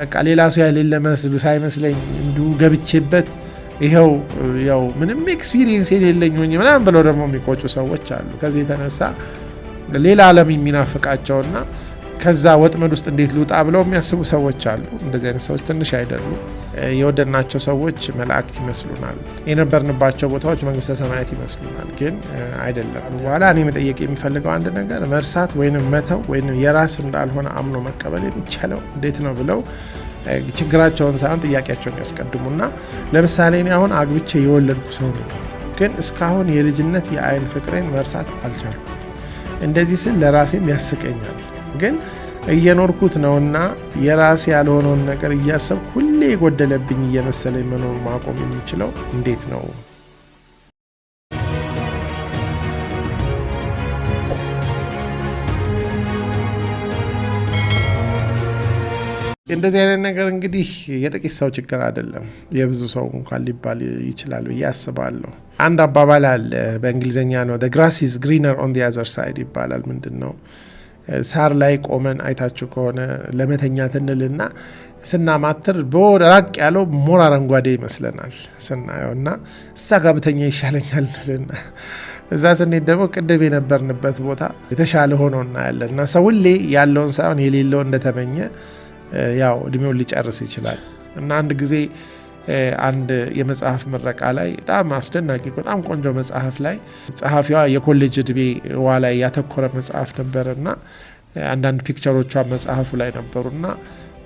በቃ ሌላ ሰው ያሌለ መስሉ ሳይመስለኝ እንዲሁ ገብቼበት ይኸው ያው ምንም ኤክስፒሪየንስ የሌለኝ ሆኜ ምናምን ብለው ደግሞ የሚቆጩ ሰዎች አሉ። ከዚህ የተነሳ ሌላ ዓለም የሚናፍቃቸውና ከዛ ወጥመድ ውስጥ እንዴት ልውጣ ብለው የሚያስቡ ሰዎች አሉ። እንደዚህ አይነት ሰዎች ትንሽ አይደሉም። የወደድናቸው ሰዎች መላእክት ይመስሉናል። የነበርንባቸው ቦታዎች መንግስተ ሰማያት ይመስሉናል፣ ግን አይደለም። በኋላ እኔ መጠየቅ የሚፈልገው አንድ ነገር መርሳት ወይንም መተው ወይም የራስ እንዳልሆነ አምኖ መቀበል የሚቻለው እንዴት ነው ብለው ችግራቸውን ሳይሆን ጥያቄያቸውን ያስቀድሙና ለምሳሌ እኔ አሁን አግብቼ የወለድኩ ሰው ነው፣ ግን እስካሁን የልጅነት የአይን ፍቅሬን መርሳት አልቻሉ እንደዚህ ስል ለራሴም ያስቀኛል ግን እየኖርኩት ነውና የራሴ ያልሆነውን ነገር እያሰብኩ ሁሌ የጎደለብኝ እየመሰለኝ መኖር ማቆም የሚችለው እንዴት ነው? እንደዚህ አይነት ነገር እንግዲህ የጥቂት ሰው ችግር አይደለም፣ የብዙ ሰው እንኳን ሊባል ይችላል ብዬ አስባለሁ። አንድ አባባል አለ፣ በእንግሊዝኛ ነው። ግራስ ኢዝ ግሪነር ኦን ዘ አዘር ሳይድ ይባላል። ምንድን ነው ሳር ላይ ቆመን አይታችሁ ከሆነ ለመተኛት እንልና ስናማትር በወደ ራቅ ያለው ሞር አረንጓዴ ይመስለናል ስናየው እና እዛ ጋር ብተኛ ይሻለኛል እንልና እዛ ስንሄድ ደግሞ ቅድም የነበርንበት ቦታ የተሻለ ሆኖ እናያለን እና ሰው ሁሌ ያለውን ሳይሆን የሌለው እንደተመኘ ያው እድሜውን ሊጨርስ ይችላል እና አንድ ጊዜ አንድ የመጽሐፍ ምረቃ ላይ በጣም አስደናቂ በጣም ቆንጆ መጽሐፍ ላይ ጸሐፊዋ የኮሌጅ ዕድሜዋ ላይ ያተኮረ መጽሐፍ ነበርና አንዳንድ ፒክቸሮቿ መጽሐፉ ላይ ነበሩና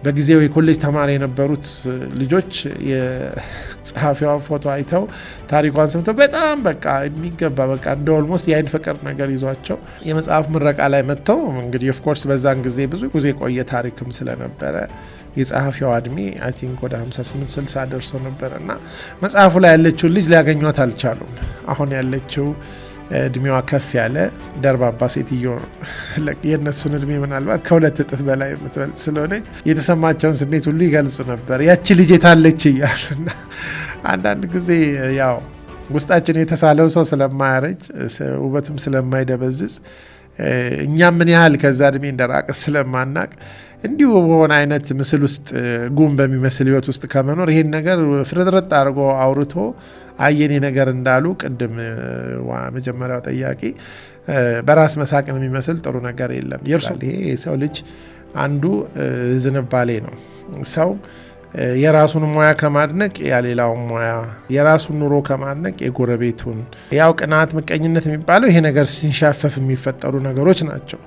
በጊዜው የኮሌጅ ተማሪ የነበሩት ልጆች የጸሐፊዋን ፎቶ አይተው ታሪኳን ሰምተው በጣም በቃ የሚገባ በቃ እንደ ኦልሞስት የአይን ፍቅር ነገር ይዟቸው የመጽሐፍ ምረቃ ላይ መጥተው እንግዲህ ኦፍኮርስ በዛን ጊዜ ብዙ ጊዜ ቆየ ታሪክም ስለነበረ የጸሐፊው እድሜ አይ ቲንክ ወደ 58 60 ደርሶ ነበረ እና መጽሐፉ ላይ ያለችውን ልጅ ሊያገኟት አልቻሉም። አሁን ያለችው እድሜዋ ከፍ ያለ ደርባባ ሴትዮ የእነሱን እድሜ ምናልባት ከሁለት እጥፍ በላይ የምትበልጥ ስለሆነች የተሰማቸውን ስሜት ሁሉ ይገልጹ ነበር። ያቺ ልጅ የታለች እያሉና አንዳንድ ጊዜ ያው ውስጣችን የተሳለው ሰው ስለማያረጅ ውበቱም ስለማይደበዝዝ እኛ ምን ያህል ከዛ እድሜ እንደራቅ ስለማናቅ እንዲሁ በሆነ አይነት ምስል ውስጥ ጉም በሚመስል ህይወት ውስጥ ከመኖር ይሄን ነገር ፍርጥርጥ አድርጎ አውርቶ አየኔ ነገር እንዳሉ ቅድም መጀመሪያው ጠያቂ በራስ መሳቅን የሚመስል ጥሩ ነገር የለም። ይሄ የሰው ልጅ አንዱ ዝንባሌ ነው ሰው የራሱን ሙያ ከማድነቅ ያሌላውን ሙያ፣ የራሱን ኑሮ ከማድነቅ የጎረቤቱን። ያው ቅናት፣ ምቀኝነት የሚባለው ይሄ ነገር ሲንሻፈፍ የሚፈጠሩ ነገሮች ናቸው።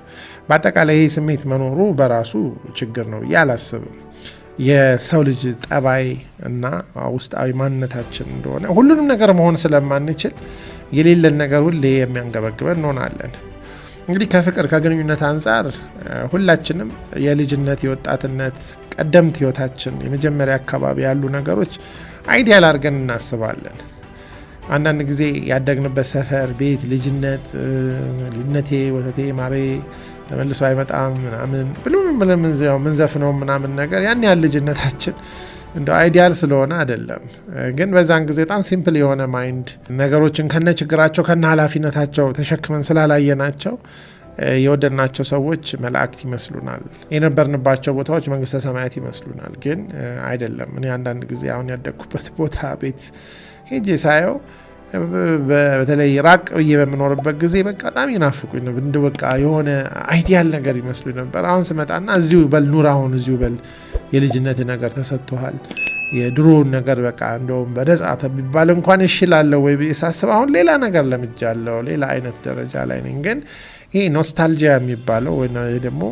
በአጠቃላይ ይሄ ስሜት መኖሩ በራሱ ችግር ነው ብዬ አላስብም። የሰው ልጅ ጠባይ እና ውስጣዊ ማንነታችን እንደሆነ ሁሉንም ነገር መሆን ስለማንችል የሌለን ነገር ሁሌ የሚያንገበግበን እንሆናለን። እንግዲህ ከፍቅር ከግንኙነት አንጻር ሁላችንም የልጅነት የወጣትነት ቀደምት ህይወታችን የመጀመሪያ አካባቢ ያሉ ነገሮች አይዲያል አድርገን እናስባለን። አንዳንድ ጊዜ ያደግንበት ሰፈር፣ ቤት፣ ልጅነት፣ ልጅነቴ፣ ወተቴ፣ ማሬ ተመልሶ አይመጣም ምናምን ብሎ ምንዘፍነው ምናምን ነገር ያን ያህል ልጅነታችን እንደ አይዲያል ስለሆነ አይደለም፣ ግን በዛን ጊዜ በጣም ሲምፕል የሆነ ማይንድ ነገሮችን ከነ ችግራቸው ከነ ኃላፊነታቸው ተሸክመን ስላላየናቸው የወደድናቸው ሰዎች መላእክት ይመስሉናል። የነበርንባቸው ቦታዎች መንግስተ ሰማያት ይመስሉናል፣ ግን አይደለም። እኔ አንዳንድ ጊዜ አሁን ያደግኩበት ቦታ ቤት ሄጄ ሳየው በተለይ ራቅ ብዬ በምኖርበት ጊዜ በቃ በጣም ይናፍቁኝ ነው። እንደ በቃ የሆነ አይዲያል ነገር ይመስሉ ነበር። አሁን ስመጣና እዚሁ በል ኑር፣ አሁን እዚሁ በል፣ የልጅነት ነገር ተሰጥቶሃል። የድሮውን ነገር በቃ እንደውም በነጻ ተቢባል እንኳን እሽላለሁ ወይ ሳስብ አሁን ሌላ ነገር ለምጃለሁ። ሌላ አይነት ደረጃ ላይ ነኝ። ግን ይሄ ኖስታልጂያ የሚባለው ወይ ደግሞ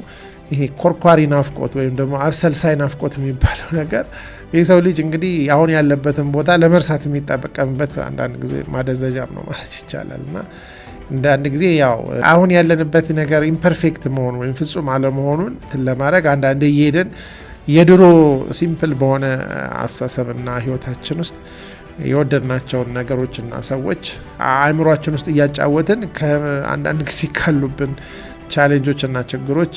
ይሄ ኮርኳሪ ናፍቆት ወይም ደግሞ አብሰልሳይ ናፍቆት የሚባለው ነገር የሰው ልጅ እንግዲህ አሁን ያለበትን ቦታ ለመርሳት የሚጠቀምበት አንዳንድ ጊዜ ማደንዘዣም ነው ማለት ይቻላል እና አንዳንድ ጊዜ ያው አሁን ያለንበት ነገር ኢምፐርፌክት መሆኑ ወይም ፍጹም አለመሆኑን ለማድረግ አንዳንድ እየሄደን የድሮ ሲምፕል በሆነ አስተሳሰብና ህይወታችን ውስጥ የወደድናቸውን ነገሮችና ሰዎች አእምሯችን ውስጥ እያጫወትን ከአንዳንድ ጊዜ ካሉብን ቻሌንጆችና ችግሮች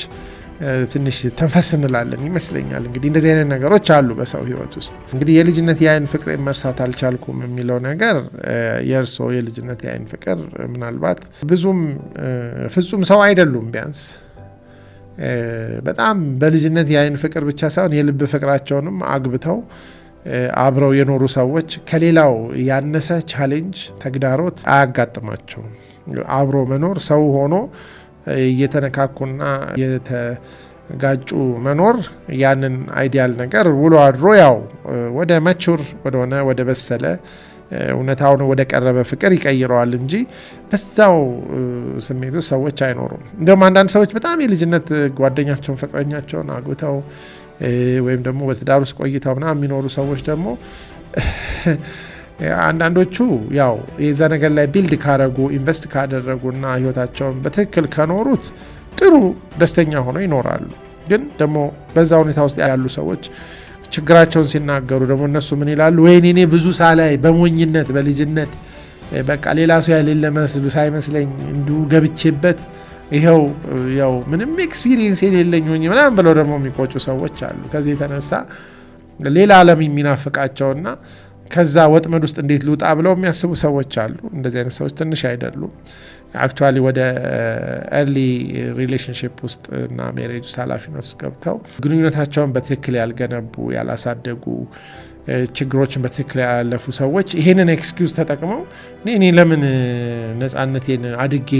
ትንሽ ተንፈስ እንላለን ይመስለኛል። እንግዲህ እንደዚህ አይነት ነገሮች አሉ በሰው ህይወት ውስጥ። እንግዲህ የልጅነት የአይን ፍቅር መርሳት አልቻልኩም የሚለው ነገር የእርሶ የልጅነት የአይን ፍቅር ምናልባት ብዙም ፍጹም ሰው አይደሉም ቢያንስ በጣም በልጅነት የአይን ፍቅር ብቻ ሳይሆን የልብ ፍቅራቸውንም አግብተው አብረው የኖሩ ሰዎች ከሌላው ያነሰ ቻሌንጅ፣ ተግዳሮት አያጋጥማቸውም። አብሮ መኖር ሰው ሆኖ እየተነካኩና የተጋጩ መኖር ያንን አይዲያል ነገር ውሎ አድሮ ያው ወደ መቹር ወደሆነ ወደ በሰለ እውነታውን ወደ ቀረበ ፍቅር ይቀይረዋል እንጂ በዛው ስሜቱ ሰዎች አይኖሩም። እንዲሁም አንዳንድ ሰዎች በጣም የልጅነት ጓደኛቸውን፣ ፍቅረኛቸውን አግብተው ወይም ደግሞ በትዳር ውስጥ ቆይተው ምናምን የሚኖሩ ሰዎች ደግሞ አንዳንዶቹ ያው የዛ ነገር ላይ ቢልድ ካረጉ ኢንቨስት ካደረጉና ህይወታቸውን በትክክል ከኖሩት ጥሩ ደስተኛ ሆነው ይኖራሉ። ግን ደግሞ በዛ ሁኔታ ውስጥ ያሉ ሰዎች ችግራቸውን ሲናገሩ ደግሞ እነሱ ምን ይላሉ? ወይኔ እኔ ብዙ ሳላይ በሞኝነት በልጅነት በቃ ሌላ ሰው ያሌለ መስሉ ሳይመስለኝ እንዲሁ ገብቼበት ይኸው ያው ምንም ኤክስፒሪየንስ የሌለኝ ሆኜ ምናምን ብለው ደግሞ የሚቆጩ ሰዎች አሉ። ከዚህ የተነሳ ሌላ ዓለም የሚናፍቃቸውና ከዛ ወጥመድ ውስጥ እንዴት ልውጣ ብለው የሚያስቡ ሰዎች አሉ። እንደዚህ አይነት ሰዎች ትንሽ አይደሉም። አክቹዋሊ ወደ ኤርሊ uh, ሪሌሽንሽፕ ውስጥ እና ሜሬጅ ውስጥ ኃላፊነት ውስጥ ገብተው ግንኙነታቸውን በትክክል ያልገነቡ ያላሳደጉ uh, ችግሮችን በትክክል ያላለፉ ሰዎች ይሄንን ኤክስኪውዝ ተጠቅመው እኔ ለምን uh, ነፃነቴን አድጌ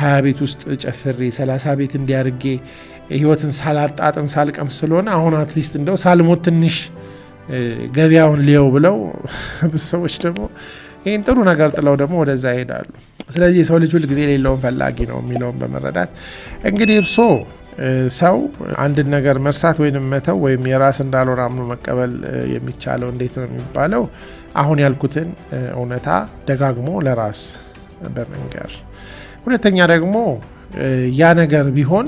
ሀያ ቤት ውስጥ ጨፍሬ ሰላሳ ቤት እንዲያርጌ ህይወትን ሳላጣጥም ሳልቀም ስለሆነ አሁን አትሊስት እንደው ሳልሞት ትንሽ ገበያውን ሊየው ብለው ብዙ ሰዎች ደግሞ ይህን ጥሩ ነገር ጥለው ደግሞ ወደዛ ይሄዳሉ። ስለዚህ የሰው ልጅ ሁልጊዜ የሌለውን ፈላጊ ነው የሚለውን በመረዳት እንግዲህ እርሶ ሰው አንድን ነገር መርሳት ወይንም መተው ወይም የራስ እንዳልሆነ አምኖ መቀበል የሚቻለው እንዴት ነው የሚባለው? አሁን ያልኩትን እውነታ ደጋግሞ ለራስ በመንገር፣ ሁለተኛ ደግሞ ያ ነገር ቢሆን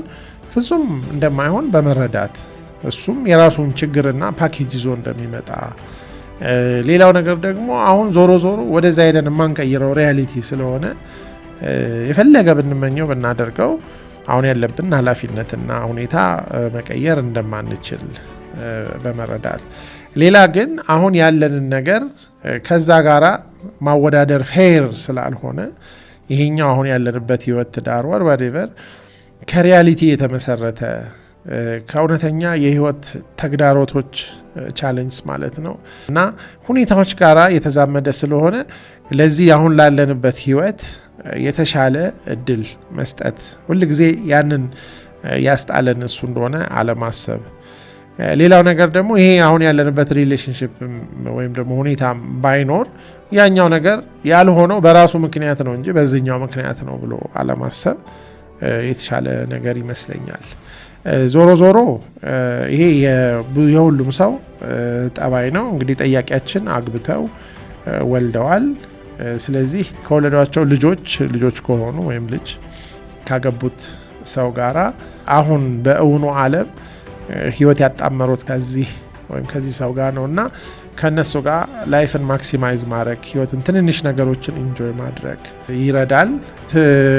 ፍጹም እንደማይሆን በመረዳት እሱም የራሱን ችግርና ፓኬጅ ይዞ እንደሚመጣ ሌላው ነገር ደግሞ አሁን ዞሮ ዞሮ ወደዛ ሄደን የማንቀይረው ሪያሊቲ ስለሆነ የፈለገ ብንመኘው ብናደርገው አሁን ያለብን ኃላፊነትና ሁኔታ መቀየር እንደማንችል በመረዳት ሌላ ግን አሁን ያለንን ነገር ከዛ ጋራ ማወዳደር ፌር ስላልሆነ ይሄኛው አሁን ያለንበት ህይወት፣ ትዳር፣ ወር ወዴቨር ከሪያሊቲ የተመሰረተ ከእውነተኛ የህይወት ተግዳሮቶች ቻለንጅ ማለት ነው እና ሁኔታዎች ጋር የተዛመደ ስለሆነ ለዚህ አሁን ላለንበት ህይወት የተሻለ እድል መስጠት ሁልጊዜ ያንን ያስጣለን እሱ እንደሆነ አለማሰብ። ሌላው ነገር ደግሞ ይሄ አሁን ያለንበት ሪሌሽንሽፕ ወይም ደግሞ ሁኔታ ባይኖር ያኛው ነገር ያልሆነው በራሱ ምክንያት ነው እንጂ በዚህኛው ምክንያት ነው ብሎ አለማሰብ የተሻለ ነገር ይመስለኛል። ዞሮ ዞሮ ይሄ የሁሉም ሰው ጠባይ ነው። እንግዲህ ጠያቂያችን አግብተው ወልደዋል። ስለዚህ ከወለዷቸው ልጆች ልጆች ከሆኑ ወይም ልጅ ካገቡት ሰው ጋራ አሁን በእውኑ ዓለም ህይወት ያጣመሩት ከዚህ ወይም ከዚህ ሰው ጋር ነው እና ከነሱ ጋር ላይፍን ማክሲማይዝ ማድረግ ህይወትን ትንንሽ ነገሮችን ኢንጆይ ማድረግ ይረዳል።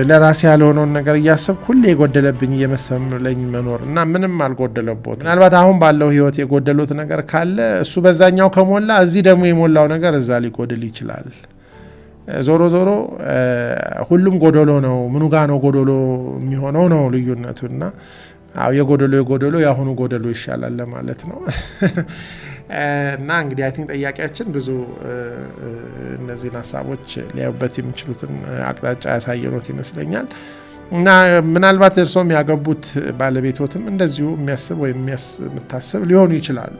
ለራሴ ያልሆነውን ነገር እያሰብ ሁሌ የጎደለብኝ እየመሰለኝ መኖር እና ምንም አልጎደለቦት ምናልባት አሁን ባለው ህይወት የጎደሉት ነገር ካለ እሱ በዛኛው ከሞላ እዚህ ደግሞ የሞላው ነገር እዛ ሊጎድል ይችላል። ዞሮ ዞሮ ሁሉም ጎዶሎ ነው። ምኑ ጋ ነው ጎዶሎ የሚሆነው ነው ልዩነቱ እና የጎደሎ የጎደሎ የአሁኑ ጎደሎ ይሻላል ለማለት ነው። እና እንግዲህ አይ ቲንክ ጠያቂያችን ብዙ እነዚህን ሀሳቦች ሊያዩበት የሚችሉትን አቅጣጫ ያሳየኖት ይመስለኛል። እና ምናልባት እርሶም ያገቡት ባለቤቶትም እንደዚሁ የሚያስብ ወይም የምታስብ ሊሆኑ ይችላሉ።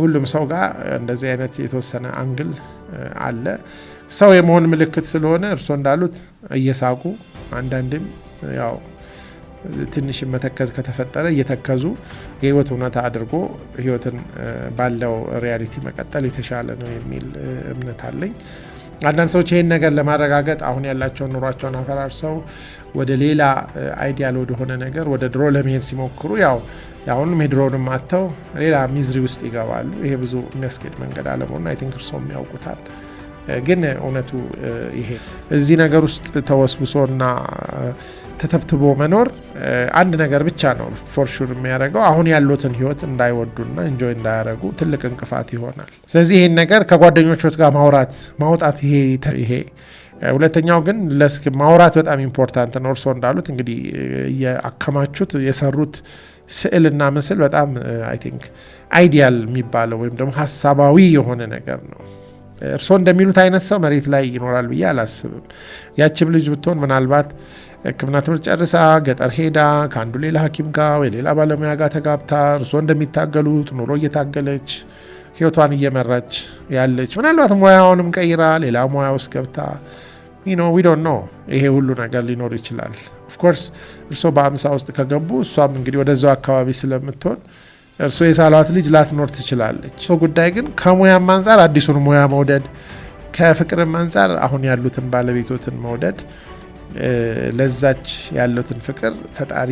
ሁሉም ሰው ጋር እንደዚህ አይነት የተወሰነ አንግል አለ። ሰው የመሆን ምልክት ስለሆነ እርሶ እንዳሉት እየሳቁ አንዳንዴም ያው ትንሽ መተከዝ ከተፈጠረ እየተከዙ የህይወት እውነት አድርጎ ህይወትን ባለው ሪያሊቲ መቀጠል የተሻለ ነው የሚል እምነት አለኝ። አንዳንድ ሰዎች ይህን ነገር ለማረጋገጥ አሁን ያላቸውን ኑሯቸውን አፈራርሰው ወደ ሌላ አይዲያል ወደሆነ ነገር ወደ ድሮ ለመሄድ ሲሞክሩ ያው አሁንም የድሮውንም አጥተው ሌላ ሚዝሪ ውስጥ ይገባሉ። ይሄ ብዙ የሚያስኬድ መንገድ አለመሆኑን አይ ቲንክ እርስዎም ያውቁታል። ግን እውነቱ ይሄ እዚህ ነገር ውስጥ ተወስብሶና ተተብትቦ መኖር አንድ ነገር ብቻ ነው ፎርሹር የሚያደርገው አሁን ያሉትን ህይወት እንዳይወዱና እንጆይ እንዳያደርጉ ትልቅ እንቅፋት ይሆናል። ስለዚህ ይህን ነገር ከጓደኞቾት ጋር ማውራት ማውጣት ይሄ ሁለተኛው ግን ማውራት በጣም ኢምፖርታንት ነው። እርስዎ እንዳሉት እንግዲህ የአከማቹት የሰሩት ስዕልና ምስል በጣም አይ ቲንክ አይዲያል የሚባለው ወይም ደግሞ ሀሳባዊ የሆነ ነገር ነው። እርስዎ እንደሚሉት አይነት ሰው መሬት ላይ ይኖራል ብዬ አላስብም። ያችም ልጅ ብትሆን ምናልባት ሕክምና ትምህርት ጨርሳ ገጠር ሄዳ ከአንዱ ሌላ ሐኪም ጋር ወይ ሌላ ባለሙያ ጋር ተጋብታ እርስዎ እንደሚታገሉት ኑሮ እየታገለች ህይወቷን እየመራች ያለች ምናልባት ሙያውንም ቀይራ ሌላ ሙያ ውስጥ ገብታ ኖ ዊ ዶንት ኖ ይሄ ሁሉ ነገር ሊኖር ይችላል። ኦፍኮርስ እርስዎ በአምሳ ውስጥ ከገቡ እሷም እንግዲህ ወደዛው አካባቢ ስለምትሆን እርሶ የሳሏት ልጅ ላትኖር ትችላለች። ሰው ጉዳይ ግን ከሙያም አንጻር አዲሱን ሙያ መውደድ፣ ከፍቅርም አንጻር አሁን ያሉትን ባለቤቶትን መውደድ ለዛች ያለትን ፍቅር ፈጣሪ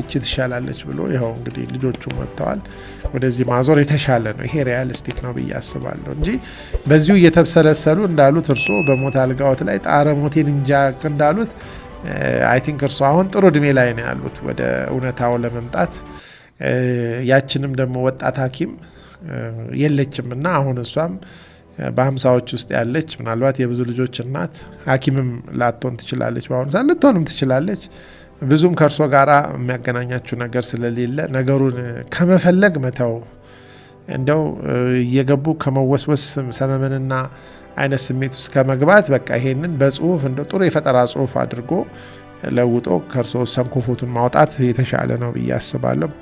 እቺ ትሻላለች ብሎ ይኸው እንግዲህ ልጆቹ መጥተዋል። ወደዚህ ማዞር የተሻለ ነው። ይሄ ሪያሊስቲክ ነው ብዬ አስባለሁ እንጂ በዚሁ እየተብሰለሰሉ እንዳሉት እርሶ በሞት አልጋዎት ላይ ጣረ ሞቴን እንጃ እንዳሉት አይ ቲንክ እርሶ አሁን ጥሩ እድሜ ላይ ነው ያሉት ወደ እውነታው ለመምጣት ያችንም ደግሞ ወጣት ሐኪም የለችም እና አሁን እሷም በሀምሳዎች ውስጥ ያለች ምናልባት የብዙ ልጆች እናት ሐኪምም ላትሆን ትችላለች። በአሁኑ ሰዓት ልትሆንም ትችላለች። ብዙም ከእርሶ ጋር የሚያገናኛችሁ ነገር ስለሌለ ነገሩን ከመፈለግ መተው እንደው እየገቡ ከመወስወስ ሰመመንና አይነት ስሜት ውስጥ ከመግባት በቃ ይሄንን በጽሁፍ እንደ ጥሩ የፈጠራ ጽሁፍ አድርጎ ለውጦ ከእርሶ ሰንኮፎቱን ማውጣት የተሻለ ነው ብዬ አስባለሁ።